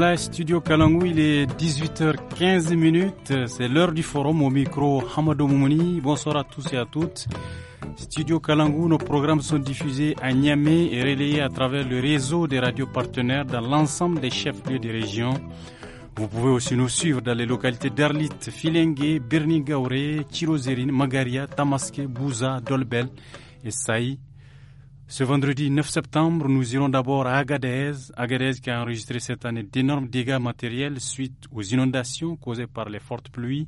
Voilà, Studio Kalangou, il est 18h15 C'est l'heure du forum au micro Hamadou Momoni. Bonsoir à tous et à toutes. Studio Kalangou, nos programmes sont diffusés à Niamey et relayés à travers le réseau des radios partenaires dans l'ensemble des chefs-lieux des régions. Vous pouvez aussi nous suivre dans les localités d'Arlit, Filengue, Gaure, Chirozérine, Magaria, Tamaske, Bouza, Dolbel et Saï ce vendredi 9 septembre, nous irons d'abord à Agadez, Agadez qui a enregistré cette année d'énormes dégâts matériels suite aux inondations causées par les fortes pluies.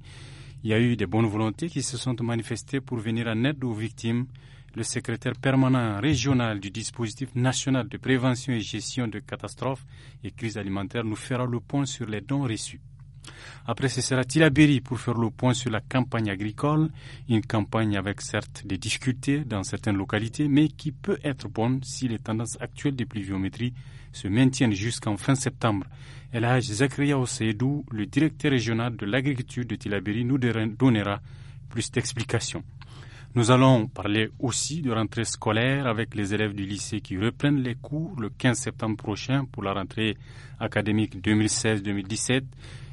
Il y a eu des bonnes volontés qui se sont manifestées pour venir en aide aux victimes. Le secrétaire permanent régional du dispositif national de prévention et gestion de catastrophes et crises alimentaires nous fera le point sur les dons reçus. Après, ce sera Tilaberi pour faire le point sur la campagne agricole, une campagne avec certes des difficultés dans certaines localités, mais qui peut être bonne si les tendances actuelles des pluviométries se maintiennent jusqu'en fin septembre. El Haj Zakria Oseidou, le directeur régional de l'agriculture de Tilaberi, nous donnera plus d'explications. Nous allons parler aussi de rentrée scolaire avec les élèves du lycée qui reprennent les cours le 15 septembre prochain pour la rentrée académique 2016-2017.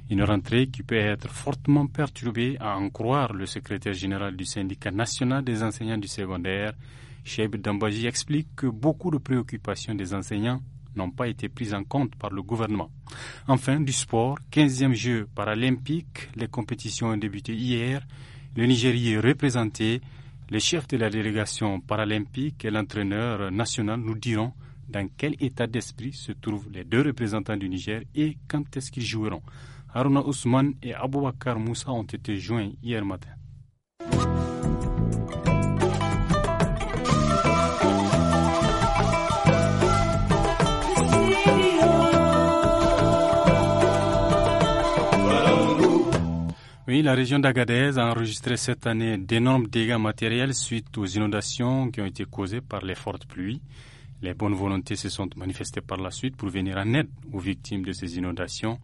Une rentrée qui peut être fortement perturbée à en croire le secrétaire général du syndicat national des enseignants du secondaire. Cheib Dambaji explique que beaucoup de préoccupations des enseignants n'ont pas été prises en compte par le gouvernement. Enfin, du sport, 15e jeu paralympique, les compétitions ont débuté hier, le Nigeria est représenté, le chef de la délégation paralympique et l'entraîneur national nous diront dans quel état d'esprit se trouvent les deux représentants du Niger et quand est-ce qu'ils joueront. Aruna Ousmane et Aboubakar Moussa ont été joints hier matin. Oui, la région d'Agadez a enregistré cette année d'énormes dégâts matériels suite aux inondations qui ont été causées par les fortes pluies. Les bonnes volontés se sont manifestées par la suite pour venir en aide aux victimes de ces inondations.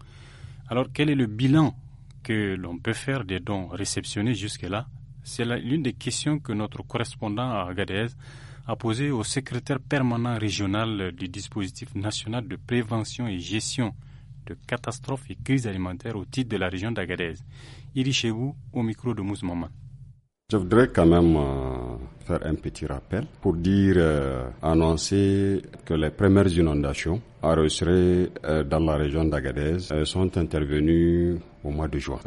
Alors quel est le bilan que l'on peut faire des dons réceptionnés jusque-là C'est l'une des questions que notre correspondant à Agadez a posée au secrétaire permanent régional du dispositif national de prévention et gestion de catastrophes et crises alimentaires au titre de la région d'Agadez. chez vous, au micro de Mousse Maman. Je voudrais quand même euh, faire un petit rappel pour dire, euh, annoncer que les premières inondations à euh, dans la région d'Agadez sont intervenues au mois de juin.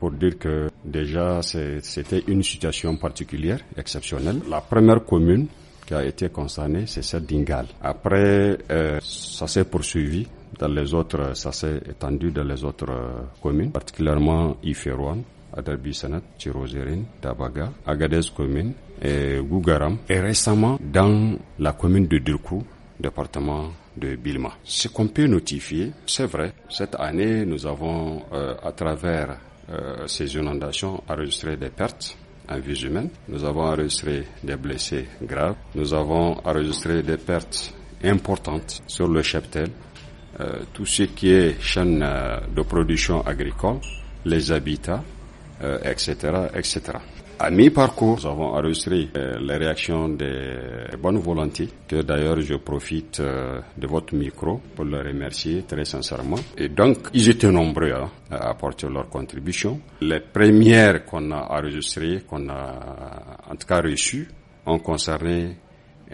pour dire que déjà c'était une situation particulière, exceptionnelle. La première commune qui a été concernée, c'est celle d'Ingal. Après, ça s'est poursuivi dans les autres, ça s'est étendu dans les autres communes, particulièrement Iférouane à Sanat, Tirozérine, Tabaga, Agadez commune, et Gougaram, et récemment dans la commune de Durkou, département de Bilma. Ce qu'on peut notifier, c'est vrai, cette année, nous avons, euh, à travers euh, ces inondations, enregistré des pertes en vie humaine. Nous avons enregistré des blessés graves. Nous avons enregistré des pertes importantes sur le cheptel, euh, tout ce qui est chaîne de production agricole, les habitats, etc., euh, etc. À mi-parcours, nous avons enregistré euh, les réactions des bonnes volontés, que d'ailleurs je profite euh, de votre micro pour le remercier très sincèrement. Et donc, ils étaient nombreux hein, à apporter leur contribution. Les premières qu'on a enregistrées, qu'on a en tout cas reçues, ont concerné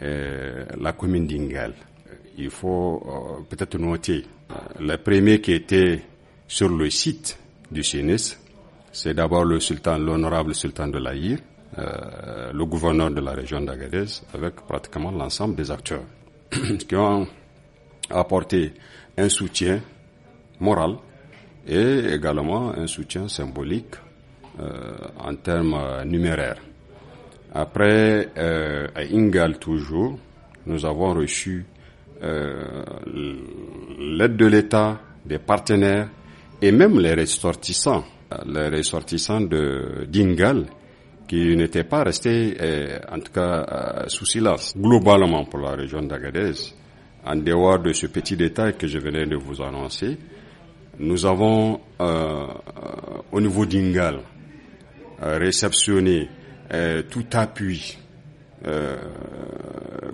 la commune d'Ingal. Il faut peut-être noter les premiers qui étaient sur le site du CNES, c'est d'abord le sultan, l'honorable sultan de l'Aïr, euh, le gouverneur de la région d'Agadez, avec pratiquement l'ensemble des acteurs qui ont apporté un soutien moral et également un soutien symbolique euh, en termes euh, numéraires. Après, euh, à Ingal toujours, nous avons reçu l'aide de l'État, des partenaires et même les ressortissants les ressortissants de d'Ingal qui n'étaient pas restés, eh, en tout cas, eh, sous silence. Globalement, pour la région d'Agadez, en dehors de ce petit détail que je venais de vous annoncer, nous avons, euh, au niveau d'Ingal, euh, réceptionné eh, tout appui euh,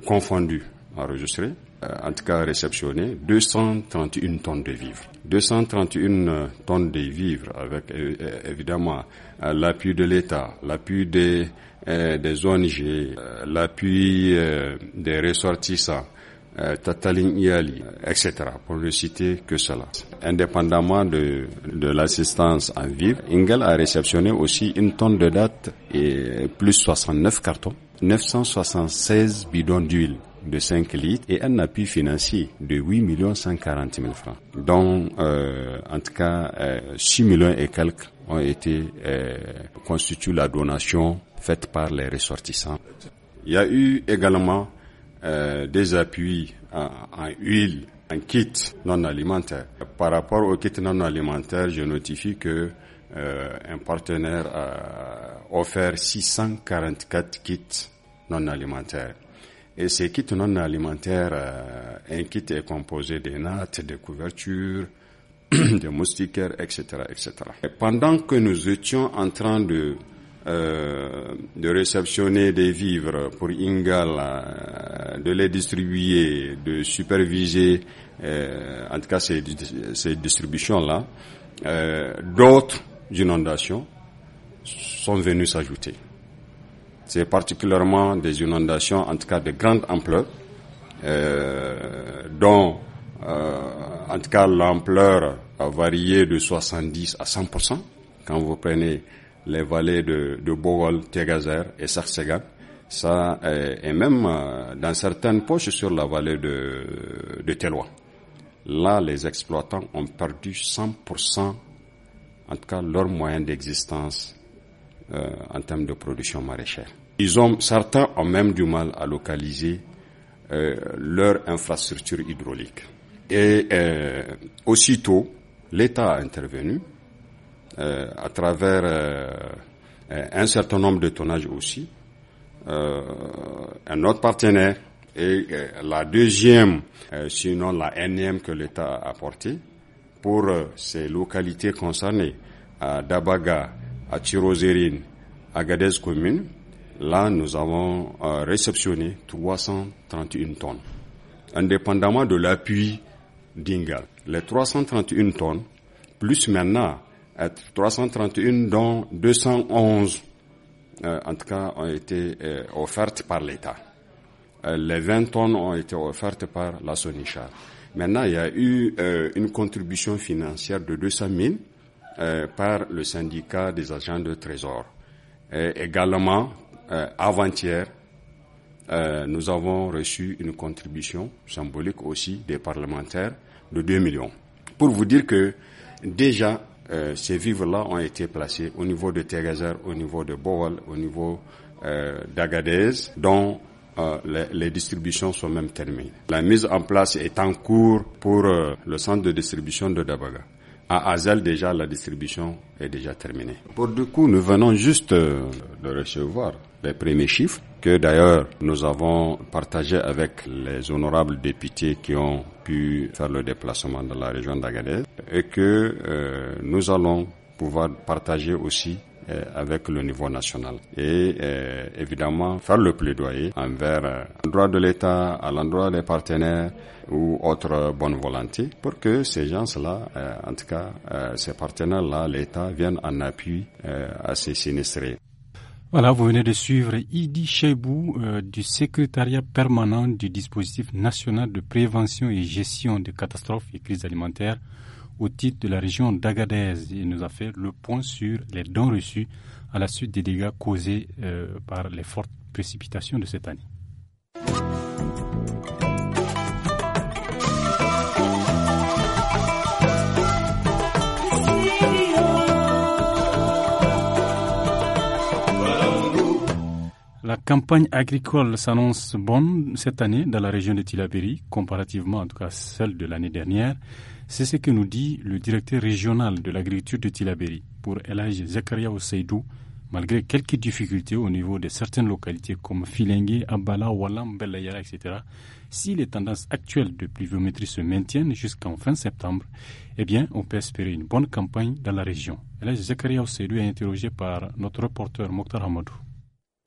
confondu enregistré euh, en tout cas réceptionné 231 tonnes de vivres. 231 euh, tonnes de vivres avec euh, évidemment l'appui de l'État, l'appui des, des ONG, l'appui des ressortissants, Tatalin Iali, etc. pour ne citer que cela. Indépendamment de, l'assistance en vivres, Ingel a réceptionné aussi une tonne de dates et plus 69 cartons, 976 bidons d'huile de 5 litres et un appui financier de 8 140 000 francs, Donc, euh, en tout cas 6 euh, millions et quelques ont été euh, la donation faite par les ressortissants. Il y a eu également euh, des appuis en, huile en kit non alimentaire. Par rapport au kits non alimentaires, je notifie que un partenaire a offert 644 kits non alimentaires. Et ces kits non alimentaires, euh, un kit est composé de nattes, de couvertures, de moustiquaires, etc., etc. pendant que nous étions en train de euh, de réceptionner des vivres pour Ingala, euh, de les distribuer, de superviser, euh, en tout cas ces, ces distributions-là, d'autres inondations sont venues s'ajouter c'est particulièrement des inondations, en tout cas de grande ampleur, euh, dont euh, en tout cas l'ampleur a varié de 70 à 100 quand vous prenez les vallées de, de Bogol, Tegazer et Sarsegan. Ça, et, même euh, dans certaines poches sur la vallée de, de Télois. Là, les exploitants ont perdu 100%, en tout cas, leurs moyens d'existence euh, en termes de production maraîchère. Ils ont, certains ont même du mal à localiser euh, leur infrastructure hydraulique. Et euh, aussitôt, l'État a intervenu à travers un certain nombre de tonnages aussi. un autre partenaire et la deuxième, sinon la énième que l'État a apportée pour ces localités concernées, à Dabaga, à Tirozérine, à Gadez commune, là nous avons euh, réceptionné 331 tonnes. Indépendamment de l'appui d'Ingal, les 331 tonnes, plus maintenant 331 dont 211 euh, en tout cas ont été euh, offertes par l'État. les 20 tonnes ont été offertes par la Sonichar. Maintenant, il y a eu une contribution financière de 200 000 euh, par le syndicat des agents de trésor. également, euh, avant-hier, euh, nous avons reçu une contribution symbolique aussi des parlementaires de 2 millions. Pour vous dire que déjà, ces vivres-là ont été placés au niveau de Tegazer, au niveau de Boal, au niveau d'Agadez, dont les, distributions sont même terminées. La mise en place est en cours pour le centre de distribution de Dabaga. À Azel, déjà, la distribution est déjà terminée. Pour du coup, nous venons juste euh, de recevoir les premiers chiffres que d'ailleurs nous avons partagé avec les honorables députés qui ont pu faire le déplacement dans la région d'Agadez et que euh, nous allons pouvoir partager aussi euh, avec le niveau national. Et euh, évidemment, faire le plaidoyer envers euh, l'endroit de l'État, à l'endroit des partenaires ou autres bonnes volontés pour que ces gens-là, en tout cas ces partenaires-là, l'État viennent en appui à ces sinistrés. Voilà, vous venez de suivre Idi Chebou du secrétariat permanent du dispositif national de prévention et gestion des catastrophes et crises alimentaires au titre de la région d'Agadez. et nous a fait le point sur les dons reçus à la suite des dégâts causés euh, par les fortes précipitations de cette année. La campagne agricole s'annonce bonne cette année dans la région de Tilaberi, comparativement en tout cas celle de l'année dernière. C'est ce que nous dit le directeur régional de l'agriculture de Tilaberi pour Elage Zakaria Oseidou, malgré quelques difficultés au niveau de certaines localités comme Filengue, Abala, Walam, Belayara, etc. Si les tendances actuelles de pluviométrie se maintiennent jusqu'en fin septembre, eh bien, on peut espérer une bonne campagne dans la région. Elage Zakaria Oseidou est interrogé par notre reporter Mokhtar Hamadou.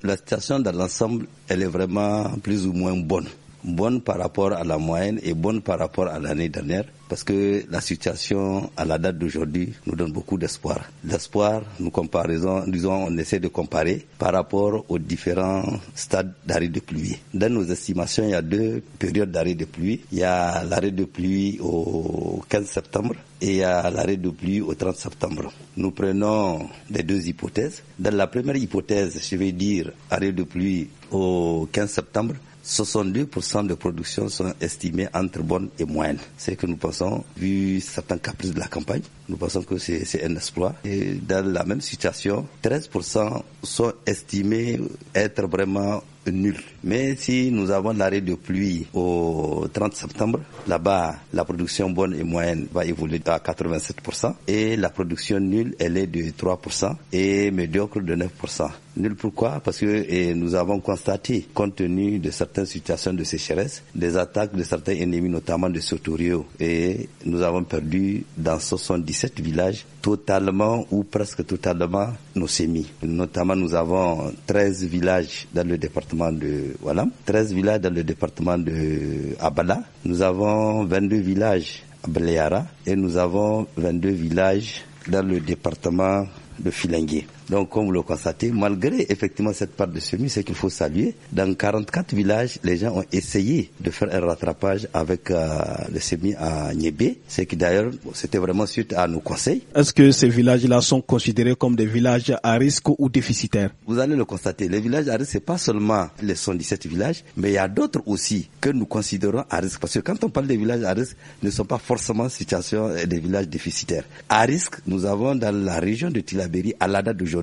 La situation dans l'ensemble, elle est vraiment plus ou moins bonne bonne par rapport à la moyenne et bonne par rapport à l'année dernière parce que la situation à la date d'aujourd'hui nous donne beaucoup d'espoir. L'espoir, nous comparaisons, disons, on essaie de comparer par rapport aux différents stades d'arrêt de pluie. Dans nos estimations, il y a deux périodes d'arrêt de pluie. Il y a l'arrêt de pluie au 15 septembre et il y a l'arrêt de pluie au 30 septembre. Nous prenons les deux hypothèses. Dans la première hypothèse, je vais dire arrêt de pluie au 15 septembre, 62% de production sont estimées entre bonnes et moyennes. C'est ce que nous pensons, vu certains caprices de la campagne, nous pensons que c'est un exploit. Et dans la même situation, 13% sont estimés être vraiment nuls. Mais si nous avons l'arrêt de pluie au 30 septembre, là-bas, la production bonne et moyenne va évoluer à 87% et la production nulle, elle est de 3% et médiocre de 9%. Nul pourquoi Parce que nous avons constaté, compte tenu de certaines situations de sécheresse, des attaques de certains ennemis, notamment de Sotorio, et nous avons perdu dans 70 sept villages, totalement ou presque totalement nos semis. Notamment, nous avons 13 villages dans le département de Walam, 13 villages dans le département de Abala. Nous avons 22 villages à Bléara et nous avons 22 villages dans le département de Filingué. Donc, comme vous le constatez, malgré effectivement cette part de semis, c'est qu'il faut saluer, dans 44 villages, les gens ont essayé de faire un rattrapage avec euh, le semis à Niébé. C'est que d'ailleurs, c'était vraiment suite à nos conseils. Est-ce que ces villages-là sont considérés comme des villages à risque ou déficitaires Vous allez le constater. Les villages à risque, c'est pas seulement les 117 villages, mais il y a d'autres aussi que nous considérons à risque. Parce que quand on parle des villages à risque, ne sont pas forcément situation euh, des villages déficitaires. À risque, nous avons dans la région de Tilaberi, à la date d'aujourd'hui,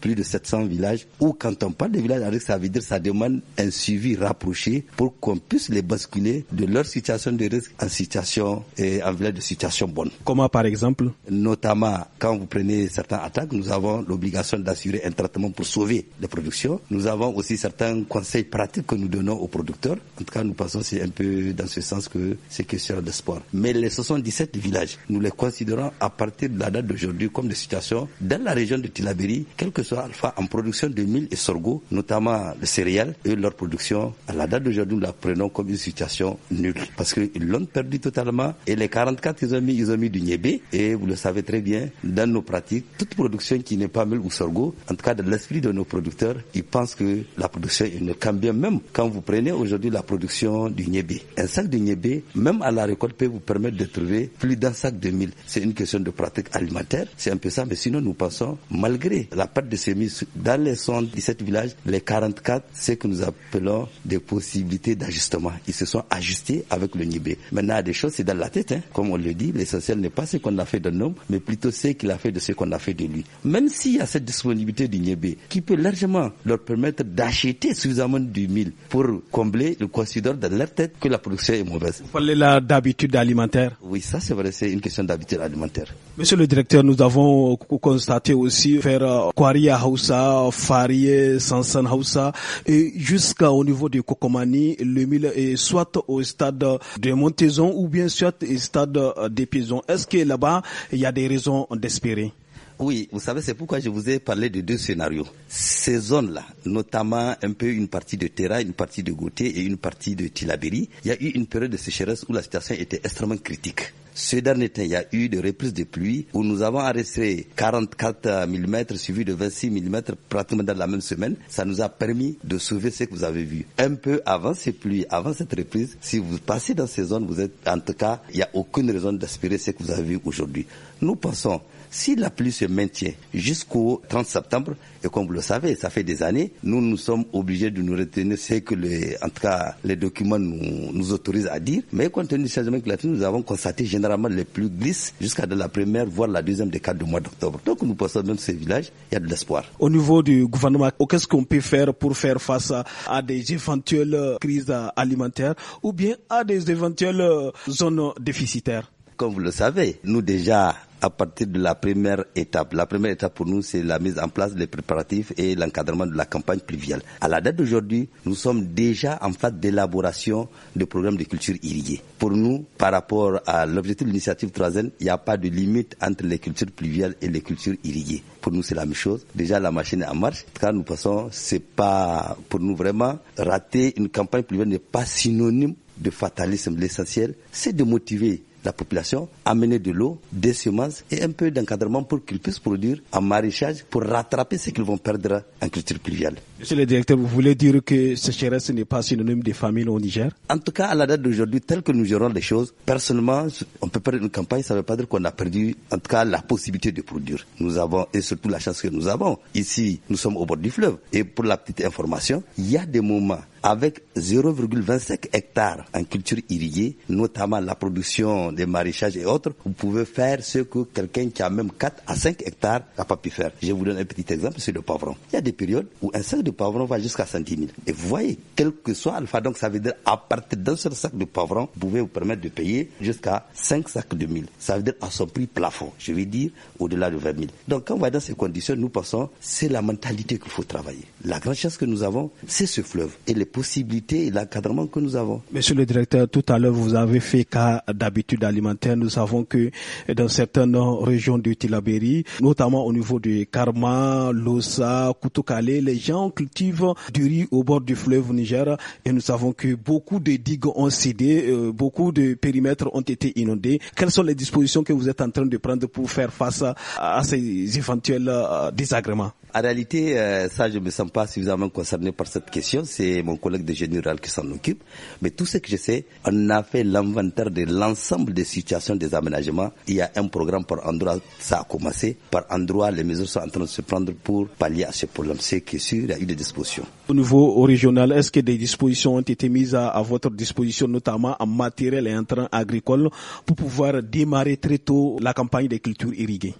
plus de 700 villages, ou quand on parle de villages risque, ça veut dire ça demande un suivi rapproché pour qu'on puisse les basculer de leur situation de risque en situation et en de situation bonne. Comment par exemple Notamment quand vous prenez certains attaques, nous avons l'obligation d'assurer un traitement pour sauver les productions. Nous avons aussi certains conseils pratiques que nous donnons aux producteurs. En tout cas, nous pensons c'est un peu dans ce sens que c'est question de sport. Mais les 77 villages, nous les considérons à partir de la date d'aujourd'hui comme des situations dans la région de Tilaberi quelle que soit Alpha, en production de mil et sorgho, notamment le céréales, et leur production, à la date d'aujourd'hui, nous la prenons comme une situation nulle. Parce qu'ils l'ont perdu totalement. Et les 44 ils ont mis, ils ont mis du niébé. Et vous le savez très bien, dans nos pratiques, toute production qui n'est pas mil ou sorgho, en tout cas de l'esprit de nos producteurs, ils pensent que la production ne une bien Même quand vous prenez aujourd'hui la production du niébé, un sac de niébé, même à la récolte, peut vous permettre de trouver plus d'un sac de mil. C'est une question de pratique alimentaire. C'est un peu ça. Mais sinon, nous pensons, malgré la perte de semis dans les 17 villages, les 44, ce que nous appelons des possibilités d'ajustement. Ils se sont ajustés avec le Nibé. Maintenant, des choses, c'est dans la tête, hein. comme on le dit, l'essentiel n'est pas ce qu'on a fait d'un homme, mais plutôt ce qu'il a fait de ce qu'on a fait de lui. Même s'il y a cette disponibilité du Nibé, qui peut largement leur permettre d'acheter suffisamment du mille pour combler le considère dans leur tête que la production est mauvaise. Vous parlez là d'habitude alimentaire Oui, ça c'est vrai, c'est une question d'habitude alimentaire. Monsieur le directeur, nous avons constaté aussi faire Kwaria euh, Hausa, Farie, Sansan Hausa, et jusqu'au niveau de Kokomani, le mille est soit au stade de Montaison ou bien soit au stade de Est-ce que là-bas, il y a des raisons d'espérer? Oui, vous savez, c'est pourquoi je vous ai parlé de deux scénarios. Ces zones-là, notamment un peu une partie de Terra, une partie de Gauthier et une partie de Tilaberi, il y a eu une période de sécheresse où la situation était extrêmement critique. Ce dernier temps, il y a eu des reprises de pluie où nous avons enregistré 44 mm suivi de 26 mm pratiquement dans la même semaine. Ça nous a permis de sauver ce que vous avez vu. Un peu avant ces pluies, avant cette reprise, si vous passez dans ces zones, vous êtes, en tout cas, il n'y a aucune raison d'aspirer ce que vous avez vu aujourd'hui. Nous pensons si la pluie se maintient jusqu'au 30 septembre, et comme vous le savez, ça fait des années, nous nous sommes obligés de nous retenir ce que les, en les documents nous, autorisent à dire. Mais compte tenu du changement climatique, nous avons constaté généralement les pluies glissent jusqu'à de la première, voire la deuxième des quatre du mois d'octobre. Donc nous pensons même ces villages, il y a de l'espoir. Au niveau du gouvernement, oh, qu'est-ce qu'on peut faire pour faire face à des éventuelles crises alimentaires ou bien à des éventuelles zones déficitaires comme vous le savez, nous déjà, à partir de la première étape. La première étape pour nous, c'est la mise en place des préparatifs et l'encadrement de la campagne pluviale. À la date d'aujourd'hui, nous sommes déjà en phase d'élaboration de programmes de culture irriguée. Pour nous, par rapport à l'objectif de l'initiative 3 il n'y a pas de limite entre les cultures pluviales et les cultures irriguées. Pour nous, c'est la même chose. Déjà, la machine est en marche. Car nous passons, c'est pas, pour nous vraiment, rater une campagne pluviale n'est pas synonyme de fatalisme. L'essentiel, c'est de motiver la population, amener de l'eau, des semences et un peu d'encadrement pour qu'ils puissent produire un maraîchage pour rattraper ce qu'ils vont perdre en culture pluviale. Monsieur le directeur, vous voulez dire que sécheresse n'est pas synonyme de famine au Niger En tout cas, à la date d'aujourd'hui, tel que nous gérons les choses, personnellement, on peut perdre une campagne, ça ne veut pas dire qu'on a perdu, en tout cas, la possibilité de produire. Nous avons, et surtout la chance que nous avons, ici, nous sommes au bord du fleuve. Et pour la petite information, il y a des moments avec 0,25 hectares en culture irriguée, notamment la production des maraîchages et autres, vous pouvez faire ce que quelqu'un qui a même 4 à 5 hectares n'a pas pu faire. Je vous donne un petit exemple, c'est le pavron. Il y a des périodes où un seul de pavron va jusqu'à 110 000. Et vous voyez, quel que soit alpha, donc ça veut dire à partir d'un seul sac de pavron, vous pouvez vous permettre de payer jusqu'à 5 sacs de 1000. Ça veut dire à son prix plafond, je veux dire au-delà de 20 000. Donc quand on va dans ces conditions, nous pensons, c'est la mentalité qu'il faut travailler. La grande chance que nous avons, c'est ce fleuve et les possibilités et l'encadrement que nous avons. Monsieur le directeur, tout à l'heure, vous avez fait cas d'habitude alimentaire. Nous savons que dans certaines régions du Tilabéry, notamment au niveau du Karma, Losa, Koutoukale, les gens cultive du riz au bord du fleuve Niger et nous savons que beaucoup de digues ont cédé, euh, beaucoup de périmètres ont été inondés. Quelles sont les dispositions que vous êtes en train de prendre pour faire face à, ces éventuels euh, désagréments En réalité, euh, ça, je ne me sens pas suffisamment concerné par cette question. C'est mon collègue de général qui s'en occupe. Mais tout ce que je sais, on a fait l'inventaire de l'ensemble des situations des aménagements. Il y a un programme par endroit, ça a commencé. Par endroit, les mesures sont en train de se prendre pour pallier à ce problème. C'est que sûr, il y a au niveau régional, est-ce que des dispositions ont été mises à votre disposition, notamment en matériel et en train agricole, pour pouvoir démarrer très tôt la campagne des cultures irriguées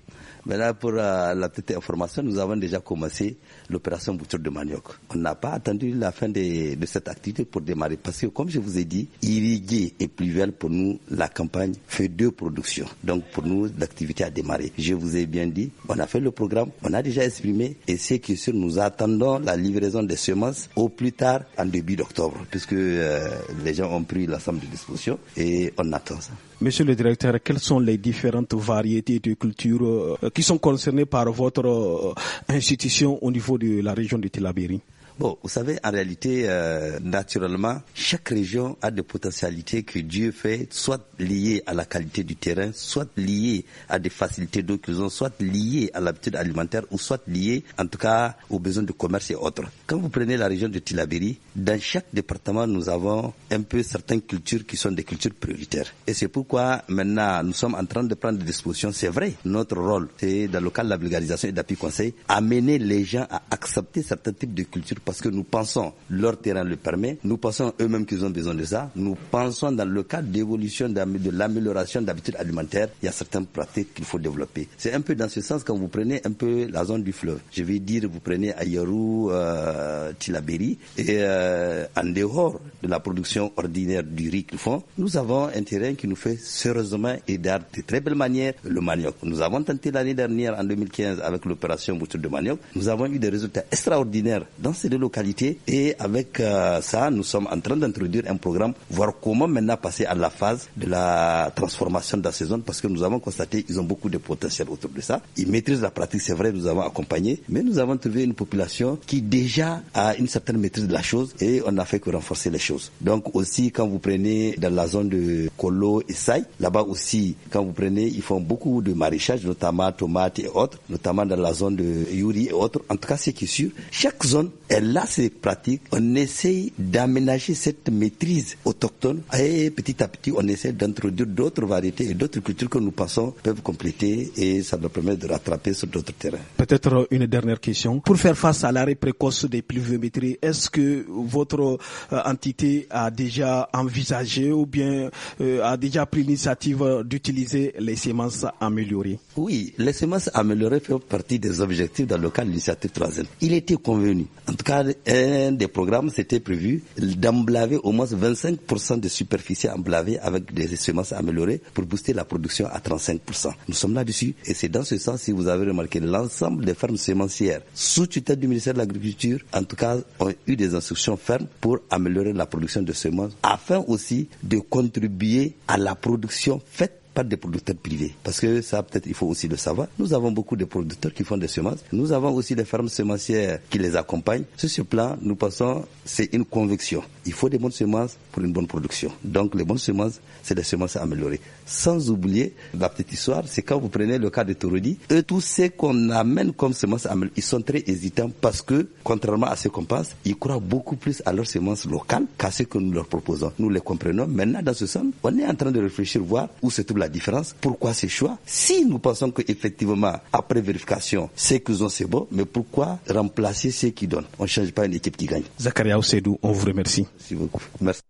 Maintenant, pour euh, la petite information, nous avons déjà commencé l'opération bouture de manioc. On n'a pas attendu la fin de, cette activité pour démarrer. Parce que, comme je vous ai dit, irriguer et pluvial, pour nous, la campagne fait deux productions. Donc, pour nous, l'activité a démarré. Je vous ai bien dit, on a fait le programme, on a déjà exprimé. Et c'est que sûr, nous attendons la livraison des semences au plus tard en début d'octobre. Puisque euh, les gens ont pris l'ensemble de dispositions et on attend ça. Monsieur le directeur, quelles sont les différentes variétés de cultures euh, qui sont concernées par votre euh, institution au niveau de la région de Tilabéry Bon, vous savez, en réalité, euh, naturellement, chaque région a des potentialités que Dieu fait, soit liées à la qualité du terrain, soit liées à des facilités d'eau qu'ils ont, soit liées à l'habitude alimentaire, ou soit liées, en tout cas, aux besoins de commerce et autres. Quand vous prenez la région de Tilabéry, dans chaque département, nous avons un peu certaines cultures qui sont des cultures prioritaires. Et c'est pourquoi, maintenant, nous sommes en train de prendre des dispositions. C'est vrai, notre rôle, c'est dans le cadre de la vulgarisation et d'appui conseil, amener les gens à accepter certains types de cultures parce que nous pensons leur terrain le permet, nous pensons eux-mêmes qu'ils ont besoin de ça, nous pensons dans le cadre d'évolution de l'amélioration d'habitudes alimentaires, il y a certaines pratiques qu'il faut développer. C'est un peu dans ce sens quand vous prenez un peu la zone du fleuve. Je vais dire, vous prenez Ayarou, euh, Tilaberi, et euh, en dehors de la production ordinaire du riz qu'ils font, nous avons un terrain qui nous fait sérieusement et d'art de très belle manière le manioc. Nous avons tenté l'année dernière, en 2015, avec l'opération bouture de manioc, nous avons eu des résultats extraordinaires dans ces de localités. Et avec euh, ça, nous sommes en train d'introduire un programme, voir comment maintenant passer à la phase de la transformation dans ces zones, parce que nous avons constaté qu'ils ont beaucoup de potentiel autour de ça. Ils maîtrisent la pratique, c'est vrai, nous avons accompagné, mais nous avons trouvé une population qui déjà a une certaine maîtrise de la chose et on n'a fait que renforcer les choses. Donc aussi, quand vous prenez dans la zone de Kolo et Saï, là-bas aussi, quand vous prenez, ils font beaucoup de maraîchage, notamment tomates et autres, notamment dans la zone de Yuri et autres. En tout cas, c'est qui est sûr, chaque zone, elle là, c'est pratique. On essaye d'aménager cette maîtrise autochtone et petit à petit, on essaie d'introduire d'autres variétés et d'autres cultures que nous pensons peuvent compléter et ça nous permet de rattraper sur d'autres terrains. Peut-être une dernière question. Pour faire face à l'arrêt précoce des pluviométries, est-ce que votre euh, entité a déjà envisagé ou bien euh, a déjà pris l'initiative d'utiliser les semences améliorées Oui, les semences améliorées font partie des objectifs dans le cadre de l'initiative 3 Il était convenu, en tout cas un des programmes, c'était prévu d'emblaver au moins 25% de superficie emblavée avec des semences améliorées pour booster la production à 35%. Nous sommes là-dessus et c'est dans ce sens, si vous avez remarqué, l'ensemble des fermes semencières sous tutelle du ministère de l'Agriculture, en tout cas, ont eu des instructions fermes pour améliorer la production de semences afin aussi de contribuer à la production faite pas des producteurs privés. Parce que ça, peut-être, il faut aussi le savoir. Nous avons beaucoup de producteurs qui font des semences. Nous avons aussi des fermes semencières qui les accompagnent. Sur ce plan, nous pensons, c'est une conviction il faut des bonnes semences pour une bonne production. Donc les bonnes semences, c'est des semences améliorées. Sans oublier, la petite histoire, c'est quand vous prenez le cas de Torodi, eux tous ce qu'on amène comme semences améliorées, ils sont très hésitants parce que, contrairement à ce qu'on pense, ils croient beaucoup plus à leurs semences locales qu'à ce que nous leur proposons. Nous les comprenons. Maintenant, dans ce sens, on est en train de réfléchir, voir où se trouve la différence, pourquoi ces choix. Si nous pensons qu'effectivement, après vérification, ce qu'ils ont, c'est bon, mais pourquoi remplacer ceux qui donnent On ne change pas une équipe qui gagne. Zakaria Ousedou, on vous remercie.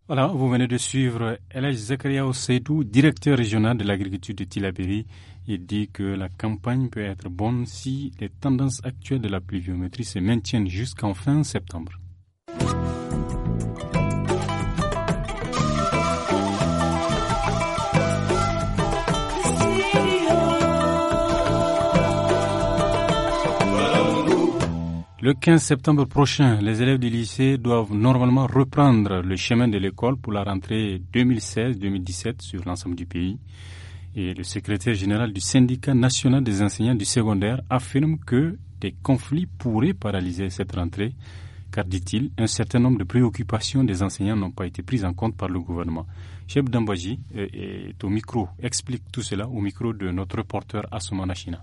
Voilà, vous venez de suivre Elaj Zakaria Oseidou, directeur régional de l'agriculture de Tilabéry. Il dit que la campagne peut être bonne si les tendances actuelles de la pluviométrie se maintiennent jusqu'en fin septembre. Le 15 septembre prochain, les élèves du lycée doivent normalement reprendre le chemin de l'école pour la rentrée 2016-2017 sur l'ensemble du pays. Et le secrétaire général du syndicat national des enseignants du secondaire affirme que des conflits pourraient paralyser cette rentrée, car, dit-il, un certain nombre de préoccupations des enseignants n'ont pas été prises en compte par le gouvernement. Cheb Dambaji euh, est au micro, explique tout cela au micro de notre reporter Assoumana China.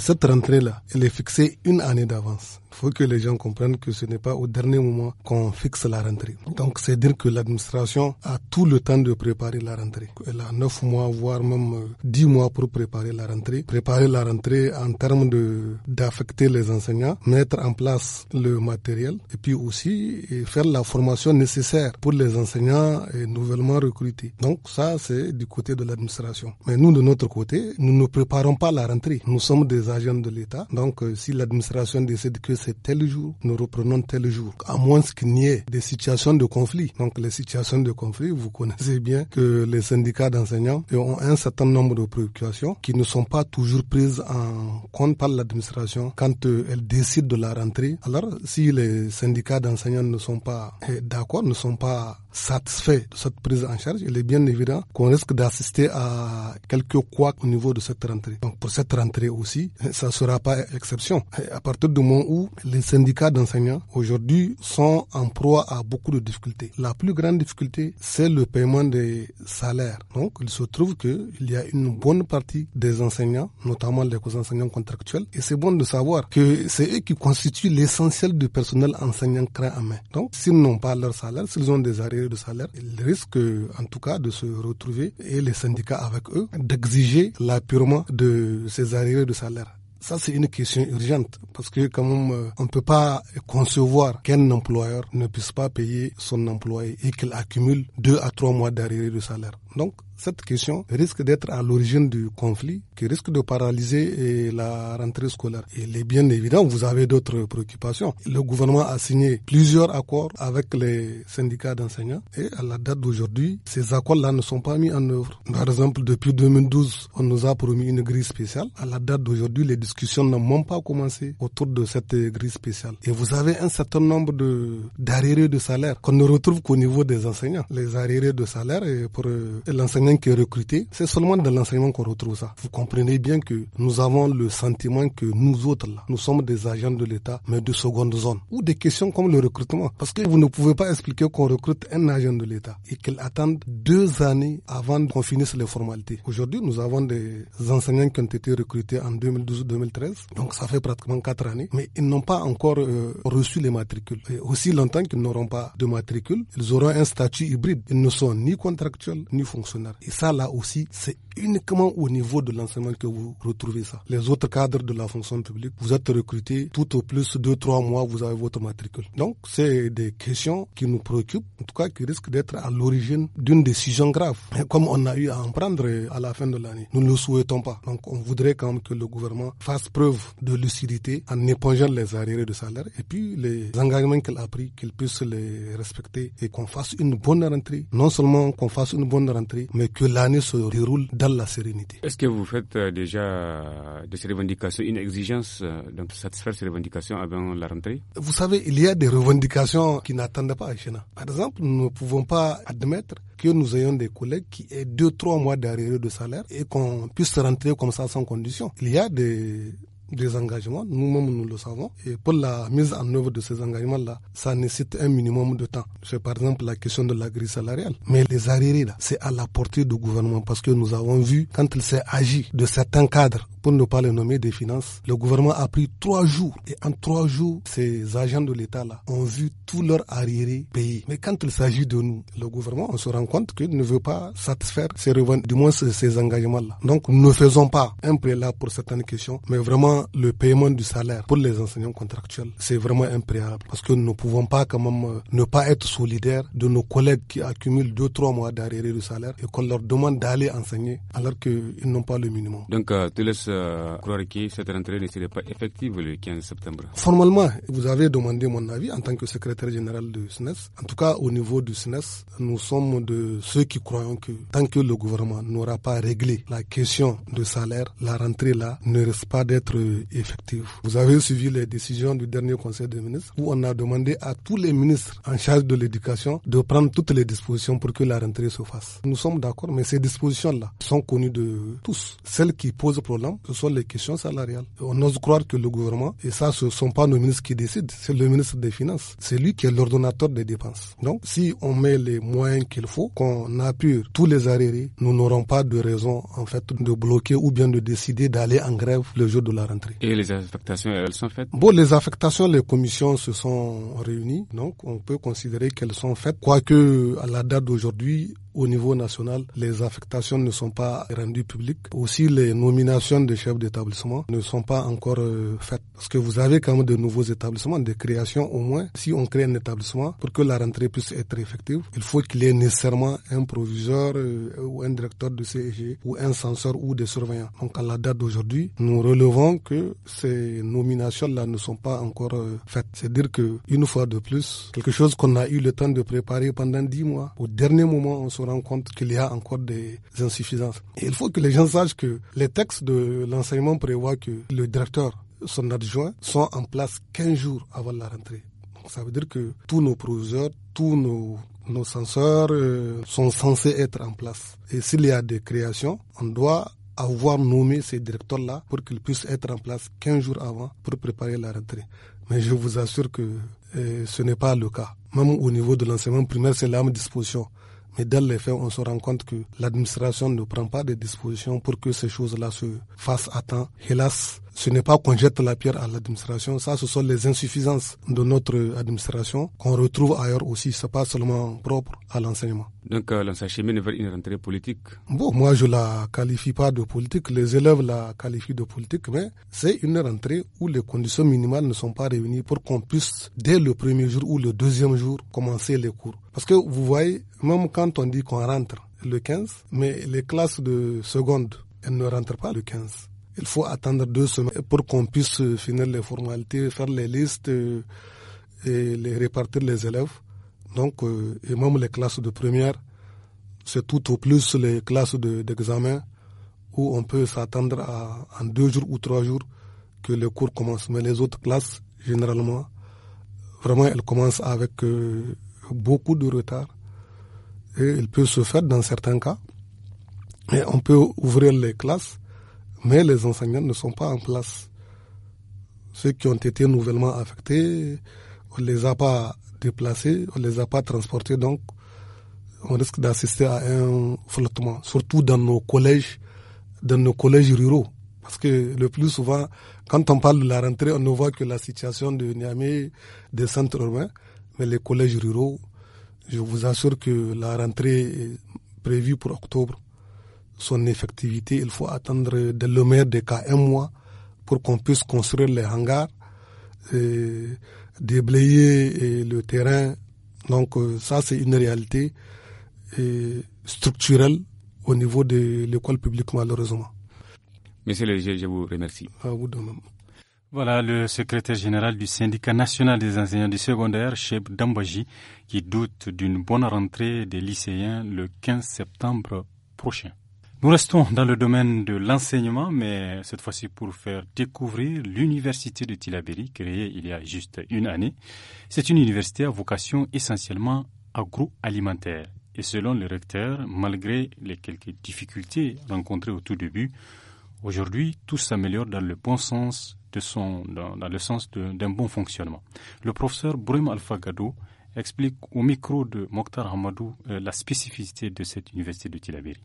Cette rentrée-là, elle est fixée une année d'avance faut que les gens comprennent que ce n'est pas au dernier moment qu'on fixe la rentrée. Donc c'est dire que l'administration a tout le temps de préparer la rentrée. Elle a neuf mois, voire même euh, dix mois pour préparer la rentrée. Préparer la rentrée en termes de d'affecter les enseignants, mettre en place le matériel et puis aussi faire la formation nécessaire pour les enseignants et nouvellement recrutés. Donc ça, c'est du côté de l'administration. Mais nous, de notre côté, nous ne préparons pas la rentrée. Nous sommes des agents de l'État. Donc euh, si l'administration décide que c'est tel jour, nous reprenons tel jour, à moins qu'il n'y ait des situations de conflit. Donc les situations de conflit, vous connaissez bien que les syndicats d'enseignants ont un certain nombre de préoccupations qui ne sont pas toujours prises en compte par l'administration quand euh, elle décide de la rentrée. Alors si les syndicats d'enseignants ne sont pas eh, d'accord, ne sont pas satisfaits de cette prise en charge, il est bien évident qu'on risque d'assister à quelques quoi au niveau de cette rentrée. Donc pour cette rentrée aussi, ça ne sera pas exception. À partir du moment où les syndicats d'enseignants aujourd'hui sont en proie à beaucoup de difficultés. La plus grande difficulté, c'est le paiement des salaires. Donc, il se trouve qu'il y a une bonne partie des enseignants, notamment les enseignants contractuels, et c'est bon de savoir que c'est eux qui constituent l'essentiel du personnel enseignant craint à main. Donc, s'ils n'ont pas leur salaire, s'ils ont des arriérés de salaire, ils risquent, en tout cas, de se retrouver et les syndicats avec eux, d'exiger l'appurement de ces arriérés de salaire. Ça, c'est une question urgente parce que quand euh, on ne peut pas concevoir qu'un employeur ne puisse pas payer son employé et qu'il accumule deux à trois mois d'arrivée de salaire. Donc, cette question risque d'être à l'origine du conflit qui risque de paralyser eh, la rentrée scolaire. Il est bien évident, vous avez d'autres préoccupations. Le gouvernement a signé plusieurs accords avec les syndicats d'enseignants et à la date d'aujourd'hui, ces accords-là ne sont pas mis en œuvre. Par exemple, depuis 2012, on nous a promis une grille spéciale. À la date d'aujourd'hui, les discussions n'ont même pas commencé autour de cette grille spéciale. Et vous avez un certain nombre de d'arriérés de salaire qu'on ne retrouve qu'au niveau des enseignants. Les arriérés de salaire eh, pour euh, l'enseignant qui est recruté, c'est seulement dans l'enseignement qu'on retrouve ça. Vous comprenez bien que nous avons le sentiment que nous autres, nous sommes des agents de l'État, mais de seconde zone. Ou des questions comme le recrutement. Parce que vous ne pouvez pas expliquer qu'on recrute un agent de l'État et qu'il attende deux années avant qu'on finisse les formalités. Aujourd'hui, nous avons des enseignants qui ont été recrutés en 2012-2013. Donc, ça fait pratiquement quatre années. Mais ils n'ont pas encore euh, reçu les matricules. aussi longtemps qu'ils n'auront pas de matricule, ils auront un statut hybride. Ils ne sont ni contractuels ni fonctionnaires. Et ça, là aussi, c'est uniquement au niveau de l'enseignement que vous retrouvez ça. Les autres cadres de la fonction publique, vous êtes recrutés tout au plus deux, trois mois, vous avez votre matricule. Donc, c'est des questions qui nous préoccupent, en tout cas qui risquent d'être à l'origine d'une décision grave, comme on a eu à en prendre à la fin de l'année. Nous ne le souhaitons pas. Donc, on voudrait quand même que le gouvernement fasse preuve de lucidité en épongeant les arriérés de salaire et puis les engagements qu'il a pris, qu'il puisse les respecter et qu'on fasse une bonne rentrée. Non seulement qu'on fasse une bonne rentrée, mais que l'année se déroule dans la sérénité. Est-ce que vous faites euh, déjà euh, de ces revendications une exigence euh, de satisfaire ces revendications avant la rentrée Vous savez, il y a des revendications qui n'attendent pas à Par exemple, nous ne pouvons pas admettre que nous ayons des collègues qui aient deux, trois mois d'arrière de salaire et qu'on puisse rentrer comme ça sans condition. Il y a des des engagements, nous-mêmes nous le savons, et pour la mise en œuvre de ces engagements-là, ça nécessite un minimum de temps. C'est par exemple la question de la grille salariale. Mais les arriérés, là, c'est à la portée du gouvernement parce que nous avons vu quand il s'est agi de certains cadres pour ne pas les nommer des finances, le gouvernement a pris trois jours. Et en trois jours, ces agents de l'État-là ont vu tout leur arriéré payés. Mais quand il s'agit de nous, le gouvernement, on se rend compte qu'il ne veut pas satisfaire ses du moins ses engagements-là. Donc, nous ne faisons pas un prélat pour certaines questions, mais vraiment le paiement du salaire pour les enseignants contractuels, c'est vraiment un Parce que nous ne pouvons pas quand même euh, ne pas être solidaires de nos collègues qui accumulent deux, trois mois d'arriérés de salaire et qu'on leur demande d'aller enseigner alors qu'ils n'ont pas le minimum. Donc, euh, tu laisses euh, croire que cette rentrée ne serait pas effective le 15 septembre Formellement, vous avez demandé mon avis en tant que secrétaire général du SNES. En tout cas, au niveau du SNES, e nous sommes de ceux qui croyons que tant que le gouvernement n'aura pas réglé la question de salaire, la rentrée là ne risque pas d'être effective. Vous avez suivi les décisions du dernier Conseil des ministres où on a demandé à tous les ministres en charge de l'éducation de prendre toutes les dispositions pour que la rentrée se fasse. Nous sommes d'accord, mais ces dispositions-là sont connues de tous. Celles qui posent problème, ce sont les questions salariales. On ose croire que le gouvernement, et ça, ce ne sont pas nos ministres qui décident, c'est le ministre des Finances. C'est lui qui est l'ordonnateur des dépenses. Donc, si on met les moyens qu'il faut, qu'on appuie tous les arrêts, nous n'aurons pas de raison, en fait, de bloquer ou bien de décider d'aller en grève le jour de la rentrée. Et les affectations, elles sont faites? Bon, les affectations, les commissions se sont réunies. Donc, on peut considérer qu'elles sont faites. Quoique, à la date d'aujourd'hui, au niveau national, les affectations ne sont pas rendues publiques. Aussi, les nominations de chefs d'établissement ne sont pas encore euh, faites. Parce que vous avez quand même de nouveaux établissements, des créations au moins. Si on crée un établissement, pour que la rentrée puisse être effective, il faut qu'il y ait nécessairement un proviseur euh, ou un directeur de CEG ou un censeur ou des surveillants. Donc à la date d'aujourd'hui, nous relevons que ces nominations-là ne sont pas encore euh, faites. C'est-à-dire que une fois de plus, quelque chose qu'on a eu le temps de préparer pendant dix mois, au dernier moment, on se rend compte qu'il y a encore des insuffisances. il faut que les gens sachent que les textes de l'enseignement prévoient que le directeur, son adjoint, sont en place 15 jours avant la rentrée. ça veut dire que tous nos professeurs, tous nos nos censeurs euh, sont censés être en place. Et s'il y a des créations, on doit avoir nommé ces directeurs-là pour qu'ils puissent être en place 15 jours avant pour préparer la rentrée. Mais je vous assure que euh, ce n'est pas le cas. Même au niveau de l'enseignement primaire, c'est la même disposition. Et dès les faits, on se rend compte que l'administration ne prend pas des dispositions pour que ces choses-là se fassent à temps. Hélas, ce n'est pas qu'on jette la pierre à l'administration, ça ce sont les insuffisances de notre administration qu'on retrouve ailleurs aussi, n'est pas seulement propre à l'enseignement. Donc euh, l'enseignement pas une rentrée politique Bon, moi je la qualifie pas de politique, les élèves la qualifient de politique, mais c'est une rentrée où les conditions minimales ne sont pas réunies pour qu'on puisse, dès le premier jour ou le deuxième jour, commencer les cours. Parce que vous voyez, même quand on dit qu'on rentre le 15, mais les classes de seconde, elles ne rentrent pas le 15 il faut attendre deux semaines pour qu'on puisse finir les formalités, faire les listes euh, et les répartir les élèves. Donc, euh, et même les classes de première, c'est tout au plus les classes d'examen où on peut s'attendre à en deux jours ou trois jours que le cours commence. Mais les autres classes, généralement, vraiment, elles commencent avec euh, beaucoup de retard. Et il peut se faire dans certains cas. Mais on peut ouvrir les classes mais les enseignants ne sont pas en place. Ceux qui ont été nouvellement affectés, on ne les a pas déplacés, on ne les a pas transportés, donc on risque d'assister à un flottement, surtout dans nos collèges, dans nos collèges ruraux. Parce que le plus souvent, quand on parle de la rentrée, on ne voit que la situation de Niamey, des centres urbains, mais les collèges ruraux, je vous assure que la rentrée est prévue pour octobre son effectivité, il faut attendre de le maire des cas un mois pour qu'on puisse construire les hangars, euh, déblayer euh, le terrain. Donc euh, ça, c'est une réalité structurelle au niveau de l'école publique, malheureusement. Monsieur le je vous remercie. Voilà le secrétaire général du syndicat national des enseignants du secondaire, Cheb Dambaji, qui doute d'une bonne rentrée des lycéens le 15 septembre prochain. Nous restons dans le domaine de l'enseignement, mais cette fois-ci pour faire découvrir l'université de Tilaberi, créée il y a juste une année. C'est une université à vocation essentiellement agroalimentaire. Et selon le recteur, malgré les quelques difficultés rencontrées au tout début, aujourd'hui tout s'améliore dans le bon sens de son, dans, le sens d'un bon fonctionnement. Le professeur Alpha Gado explique au micro de Mokhtar Hamadou euh, la spécificité de cette université de Tilaberi.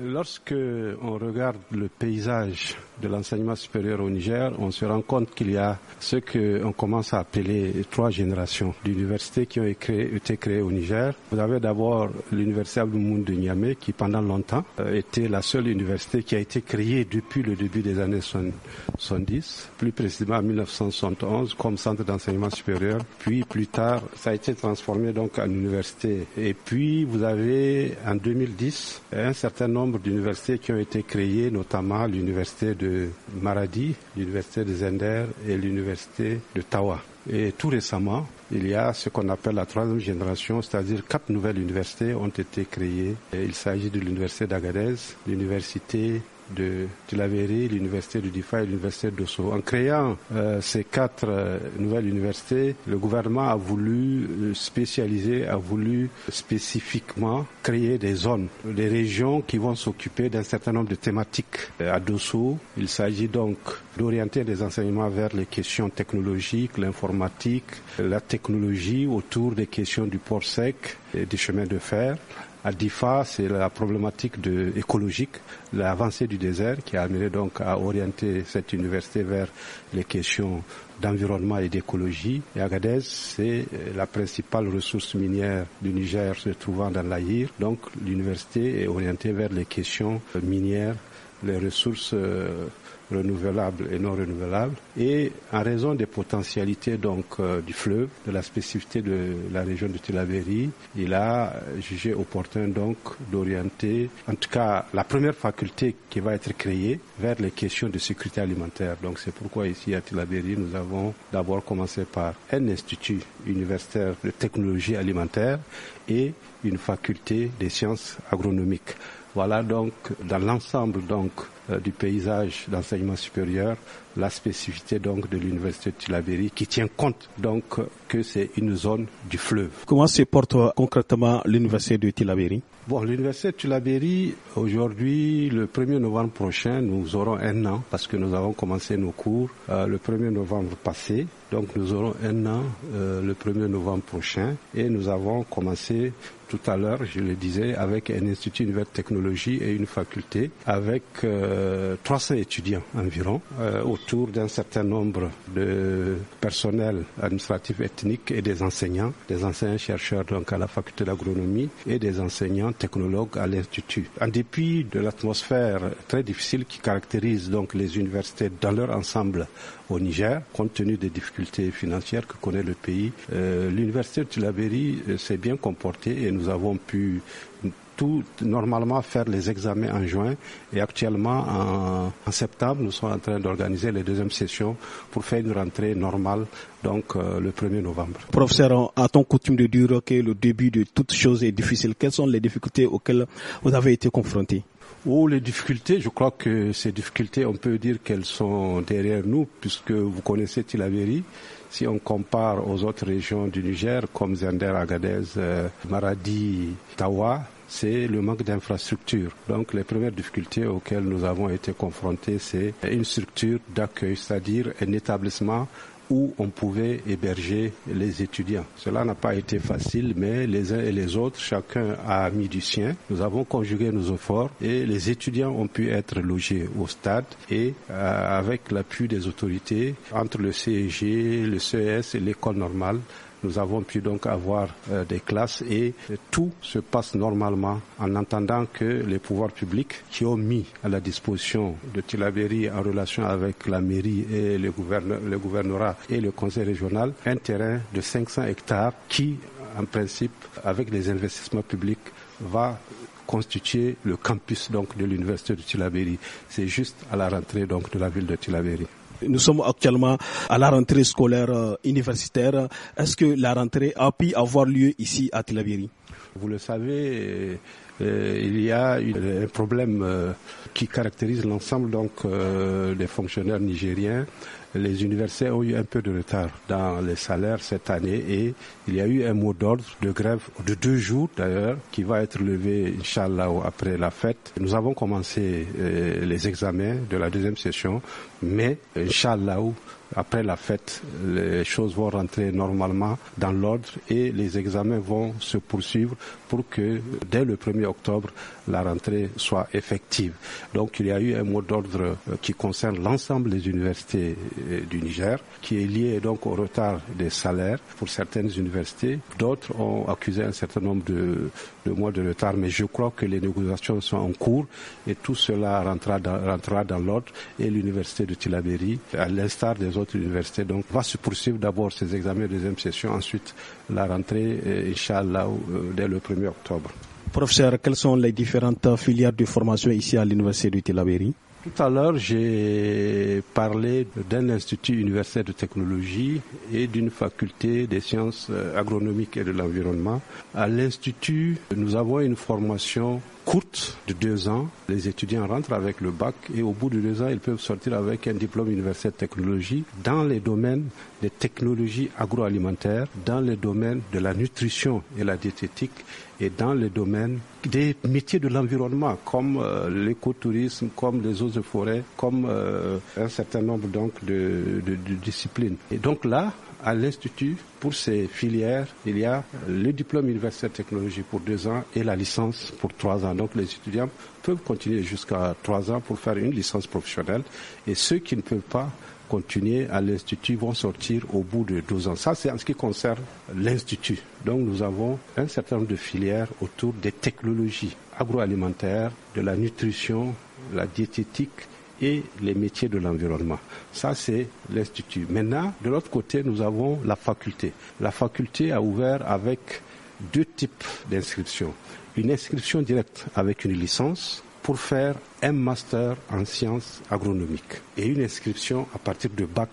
Lorsque on regarde le paysage de l'enseignement supérieur au Niger, on se rend compte qu'il y a ce qu'on commence à appeler trois générations d'universités qui ont été créées, au Niger. Vous avez d'abord l'université Abdoumoun de Niamey qui pendant longtemps euh, était la seule université qui a été créée depuis le début des années 70, plus précisément en 1971 comme centre d'enseignement supérieur, puis plus tard ça a été transformé donc en université. Et puis vous avez en 2010 un certain nombre nombre d'universités qui ont été créées, notamment l'université de Maradi, l'université de Zender et l'université de Tawa. Et tout récemment, il y a ce qu'on appelle la troisième génération, c'est-à-dire quatre nouvelles universités ont été créées. il s'agit de l'université d'Agadez, l'université de Tilaveri, l'université du DIFA et l'université d'Osso. En créant euh, ces quatre euh, nouvelles universités, le gouvernement a voulu euh, spécialiser, a voulu spécifiquement créer des zones, des régions qui vont s'occuper d'un certain nombre de thématiques. À Dosso, il s'agit donc d'orienter des enseignements vers les questions technologiques, l'informatique, la technologie autour des questions du port sec et des chemins de fer à Difa, c'est la problématique de, écologique, l'avancée du désert qui a amené donc à orienter cette université vers les questions d'environnement et d'écologie. Et Agadez, c'est euh, la principale ressource minière du Niger se trouvant dans l'Aïr. Donc l'université est orientée vers les questions euh, minières, les ressources euh, renouvelables et non renouvelables. Et en raison des potentialités donc euh, du fleuve, de la spécificité de la région de Tilaveri, il a jugé opportun donc d'orienter, en tout cas la première faculté qui va être créée vers les questions de sécurité alimentaire. Donc c'est pourquoi ici à Tilaveri, nous avons d'abord commencé par un institut universitaire de technologie alimentaire et une faculté des sciences agronomiques. Voilà donc dans l'ensemble donc euh, du paysage d'enseignement supérieur la spécificité donc de l'université de Tilaberi qui tient compte donc euh, que c'est une zone du fleuve. Comment se porte euh, concrètement l'université de Tilaberi Bon, l'université de Tulaberi, aujourd'hui, le 1er novembre prochain, nous aurons un an parce que nous avons commencé nos cours le 1er novembre passé. Donc nous aurons un an euh, le 1er novembre prochain et nous avons commencé tout à l'heure, je le disais, avec un institut de technologie et une faculté avec 300 euh, étudiants environ euh, autour d'un certain nombre de personnels administratifs ethniques et des enseignants, des enseignants chercheurs donc à la faculté d'agronomie et des enseignants technologues à l'institut. En dépit de l'atmosphère très difficile qui caractérise donc les universités dans leur ensemble au Niger, compte tenu des difficultés financières que connaît le pays. Euh, l'université de Tulaberi euh, s'est bien comportée et nous avons pu normalement faire les examens en juin. Et actuellement, en, septembre, nous sommes en train d'organiser les deuxièmes sessions pour faire une rentrée normale, donc euh, le 1er novembre. Professeur, a ton coutume de dire que le début de toute chose est difficile Quelles sont les difficultés auxquelles vous avez été confronté Oh, les difficultés, je crois que ces difficultés, on peut dire qu'elles sont derrière nous, puisque vous connaissez Tilaveri. Si on compare aux autres régions du Niger, comme Zender, Agadez, euh, Maradi, Tawa, c'est le manque d'infrastructures. Donc les premières difficultés auxquelles nous avons été confrontés, c'est une structure d'accueil, c'est-à-dire un établissement où on pouvait héberger les étudiants. Cela n'a pas été facile, mais les uns et les autres, chacun a mis du sien. Nous avons conjugué nos efforts et les étudiants ont pu être logés au stade et euh, avec l'appui des autorités entre le CEG, le CES et l'école normale, nous avons pu donc avoir euh, des classes et tout se passe normalement en attendant que les pouvoirs publics qui ont mis à la disposition de Tilaberi en relation avec la mairie et le, gouverne le gouvernorat et le conseil régional un terrain de 500 hectares qui, en principe, avec des investissements publics, va constituer le campus donc de l'université de Tilaberi. C'est juste à la rentrée donc de la ville de Tilaberi. Nous sommes actuellement à la rentrée scolaire euh, universitaire. Est-ce que la rentrée a pu avoir lieu ici à Tilabiri Vous le savez, euh, euh, il y a un problème qui caractérise l'ensemble donc des fonctionnaires nigériens. Les universités ont eu un peu de retard dans les salaires cette année et il y a eu un mot d'ordre de grève de deux jours d'ailleurs qui va être levé, Inch'Allah, après la fête. Nous avons commencé les examens de la deuxième session mais, Inch'Allah, après la fête, les choses vont rentrer normalement dans l'ordre et les examens vont se poursuivre pour que dès le 1er octobre, la rentrée soit effective. Donc il y a eu un mot d'ordre euh, qui concerne l'ensemble des universités euh, du Niger, qui est lié donc au retard des salaires pour certaines universités. D'autres ont accusé un certain nombre de, mois de retard, mais je crois que les négociations sont en cours et tout cela rentrera dans, dans l'ordre et l'université de Tilaberi, à l'instar des autres universités. Donc, va se poursuivre d'abord ces examens de deuxième session, ensuite la rentrée, Inch'Allah, euh, dès le 1er octobre. Professeur, quelles sont les différentes filières de formation ici à l'université de Tilaberi tout à l'heure, j'ai parlé d'un institut universitaire de technologie et d'une faculté des sciences euh, agronomiques et de l'environnement. À l'institut, nous avons une formation courte de deux ans. Les étudiants rentrent avec le bac et au bout de deux ans, ils peuvent sortir avec un diplôme universitaire de technologie dans les domaines des technologies agroalimentaires, dans les domaines de la nutrition et la diététique et dans les domaines des métiers de l'environnement comme euh, l'écotourisme, comme les eaux de forêt, comme euh, un certain nombre donc de, de disciplines. Et donc là, à l'Institut, pour ces filières, il y a le diplôme universitaire de technologie pour deux ans et la licence pour trois ans. Donc les étudiants peuvent continuer jusqu'à trois ans pour faire une licence professionnelle et ceux qui ne peuvent pas continuer à l'Institut vont sortir au bout de deux ans. Ça, c'est en ce qui concerne l'Institut. Donc, nous avons un certain nombre de filières autour des technologies agroalimentaires, de la nutrition, la diététique, et les métiers de l'environnement. Ça, c'est l'Institut. Maintenant, de l'autre côté, nous avons la faculté. La faculté a ouvert avec deux types d'inscriptions. Une inscription directe avec une licence pour faire un master en sciences agronomiques et une inscription à partir de bac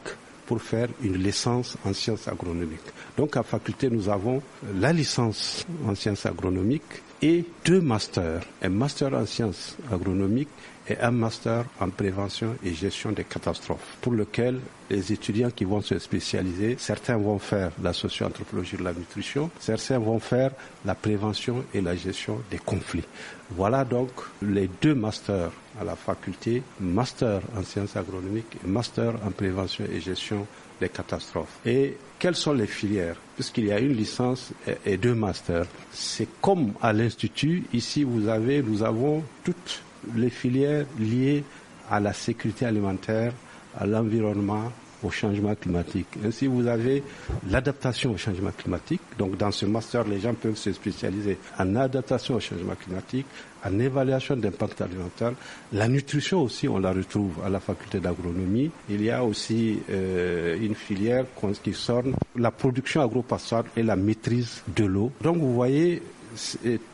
pour faire une licence en sciences agronomiques. Donc à faculté, nous avons la licence en sciences agronomiques et deux masters, un master en sciences agronomiques et un master en prévention et gestion des catastrophes, pour lequel les étudiants qui vont se spécialiser, certains vont faire la socio-anthropologie de la nutrition, certains vont faire la prévention et la gestion des conflits. Voilà donc les deux masters à la faculté, master en sciences agronomiques et master en prévention et gestion des catastrophes. Et quelles sont les filières Puisqu'il y a une licence et deux masters. C'est comme à l'institut, ici vous avez, nous avons toutes les filières liées à la sécurité alimentaire, à l'environnement, au changement climatique. Ainsi, vous avez l'adaptation au changement climatique. Donc, dans ce master, les gens peuvent se spécialiser en adaptation au changement climatique, en évaluation d'impact alimentaire. La nutrition aussi, on la retrouve à la faculté d'agronomie. Il y a aussi euh, une filière qui sort la production agro-pastorale et la maîtrise de l'eau. Donc, vous voyez,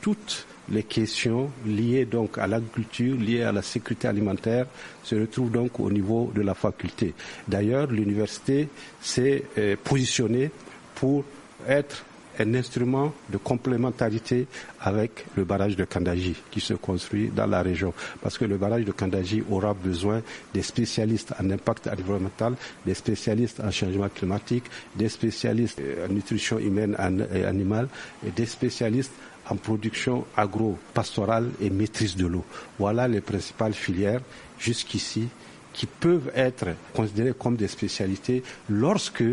toutes les questions liées donc à l'agriculture, liées à la sécurité alimentaire, se retrouvent donc au niveau de la faculté. D'ailleurs, l'université s'est euh, positionnée pour être un instrument de complémentarité avec le barrage de Kandaji qui se construit dans la région. Parce que le barrage de Kandaji aura besoin des spécialistes en impact environnemental, des spécialistes en changement climatique, des spécialistes euh, en nutrition humaine et euh, animale, et des spécialistes en production agro-pastorale et maîtrise de l'eau. Voilà les principales filières jusqu'ici qui peuvent être considérées comme des spécialités lorsque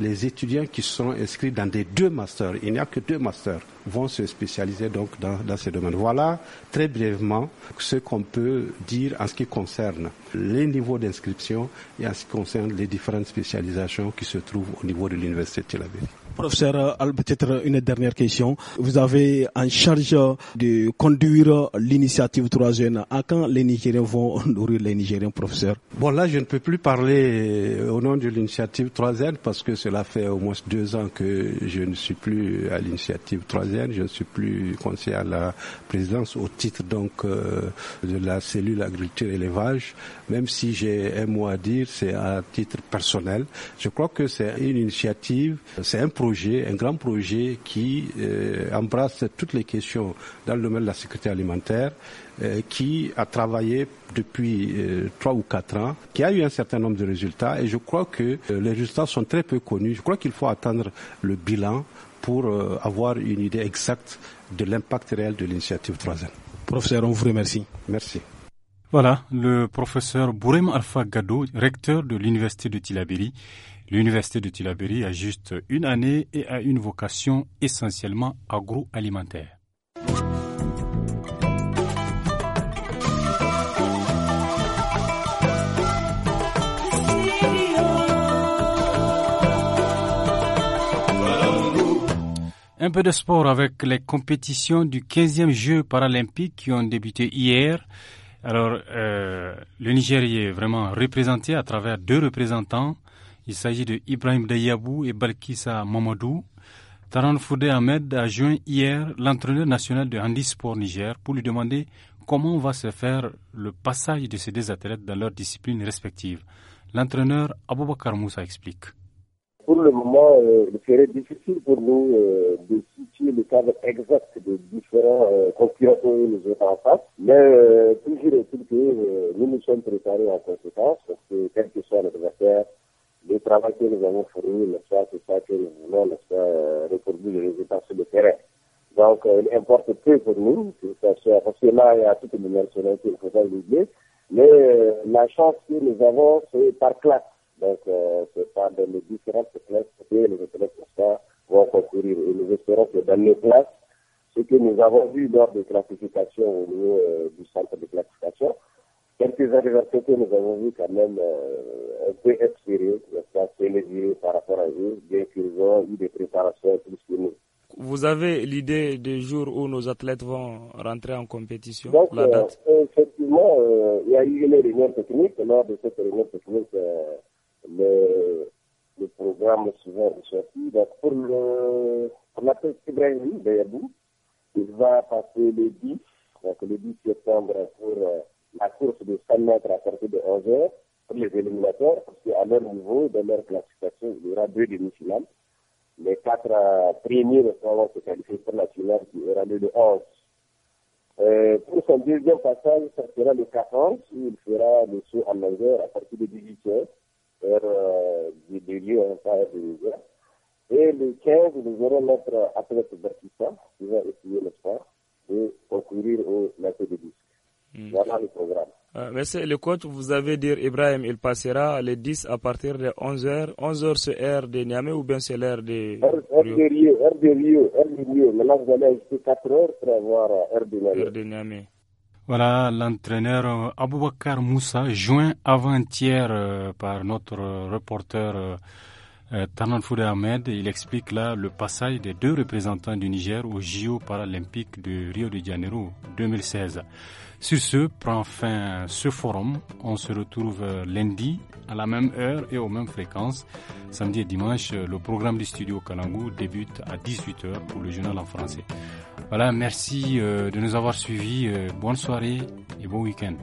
les étudiants qui sont inscrits dans des deux masters, il n'y a que deux masters, vont se spécialiser donc dans, ces domaines. Voilà très brièvement ce qu'on peut dire en ce qui concerne les niveaux d'inscription et en ce qui concerne les différentes spécialisations qui se trouvent au niveau de l'université de Aviv. Professeur, peut-être une dernière question. Vous avez en charge de conduire l'initiative 3 jeunes. À quand les Nigériens vont nourrir les Nigériens, professeur Bon, là, je ne peux plus parler euh, au nom de l'initiative 3 jeunes parce que cela fait au moins deux ans que je ne suis plus à l'initiative 3 jeunes. Je ne suis plus conseiller à la présidence au titre donc euh, de la cellule agriculture et élevage. Même si j'ai un mot à dire, c'est à titre personnel. Je crois que c'est une initiative, c'est un un grand projet qui euh, embrasse toutes les questions dans le domaine de la sécurité alimentaire, euh, qui a travaillé depuis euh, trois ou quatre ans, qui a eu un certain nombre de résultats et je crois que les résultats sont très peu connus. Je crois qu'il faut attendre le bilan pour avoir une idée exacte de l'impact réel de l'initiative 3 Professeur, on vous remercie. Merci. Voilà, le professeur Bourem Alpha Gado, recteur de l'Université de Tilabéry. L'université de Tilaberi a juste une année et a une vocation essentiellement agroalimentaire. Un peu de sport avec les compétitions du 15e Jeu paralympique qui ont débuté hier. Alors, euh, le Nigeria est vraiment représenté à travers deux représentants il s'agit de Ibrahim Dayabou et Balkissa Mamadou. Taran Foudé Ahmed a joint hier l'entraîneur national de handisport Niger pour lui demander comment va se faire le passage de ces deux athlètes dans leurs disciplines respectives. L'entraîneur Aboubakar Moussa explique. Pour le moment, euh, il serait difficile pour nous euh, de situer le cadre exact des différents euh, concurrents que nous avons en face, mais toujours nous nous sommes préparés en conséquence, parce que quel que soit l'adversaire, le travail que nous avons fourni, le c'est ça que nous voulons, le soir, euh, reproduire les résultats sur le terrain. Donc, euh, il importe peu pour nous, que ça soit, parce que là, il y a toute une nationalité, il faut pas l'oublier. Mais euh, la chance que nous avons, c'est par classe. Donc, euh, c'est par les différentes classes que les ça vont concourir. Et nous espérons que dans les classes, ce que nous avons vu lors des classifications au niveau euh, du centre de classification, quelques adversités, nous avons vu quand même euh, un peu être sérieux, s'élever par rapport à eux, bien qu'ils ont eu des préparations plus que nous. Vous avez l'idée des jours où nos athlètes vont rentrer en compétition la date euh, Effectivement, euh, il y a eu une réunion technique. Lors de cette réunion technique, euh, le, programme suivant est sorti. Donc, pour le, on Ibrahim Bayabou, il va passer le 10, donc le 10 septembre pour la course de 100 mètres à partir de 11 heures pour les éliminateurs, parce qu'à leur niveau, dans leur classification, il y aura deux demi-finales. Les quatre euh, premiers vont se qualifier pour la finale qui aura lieu de 11. Euh, pour son deuxième passage, ça sera le 14, où il fera le saut 9 h à partir de 18 h vers euh, du en de Et le 15, nous aurons notre athlète Batista, qui va essayer le sport et concourir au lancer de 10. Hmm. Voilà le programme. Euh, le coach, vous avez dit Ibrahim, il passera les 10 à partir de 11h. 11h, c'est l'heure de Niamey ou bien c'est l'heure de. Heure, de Rio, de Rio, de Rio. Maintenant, vous allez jusqu'à 4h pour avoir euh, de Niamey. Voilà l'entraîneur euh, Aboubakar Moussa, joint avant-hier euh, par notre reporter Tanan Foudé Ahmed. Il explique là le passage des deux représentants du Niger aux JO paralympiques de Rio de Janeiro 2016. Sur ce, prend fin ce forum. On se retrouve euh, lundi à la même heure et aux mêmes fréquences. Samedi et dimanche, euh, le programme du studio Kalangou débute à 18h pour le journal en français. Voilà, merci euh, de nous avoir suivis. Bonne soirée et bon week-end.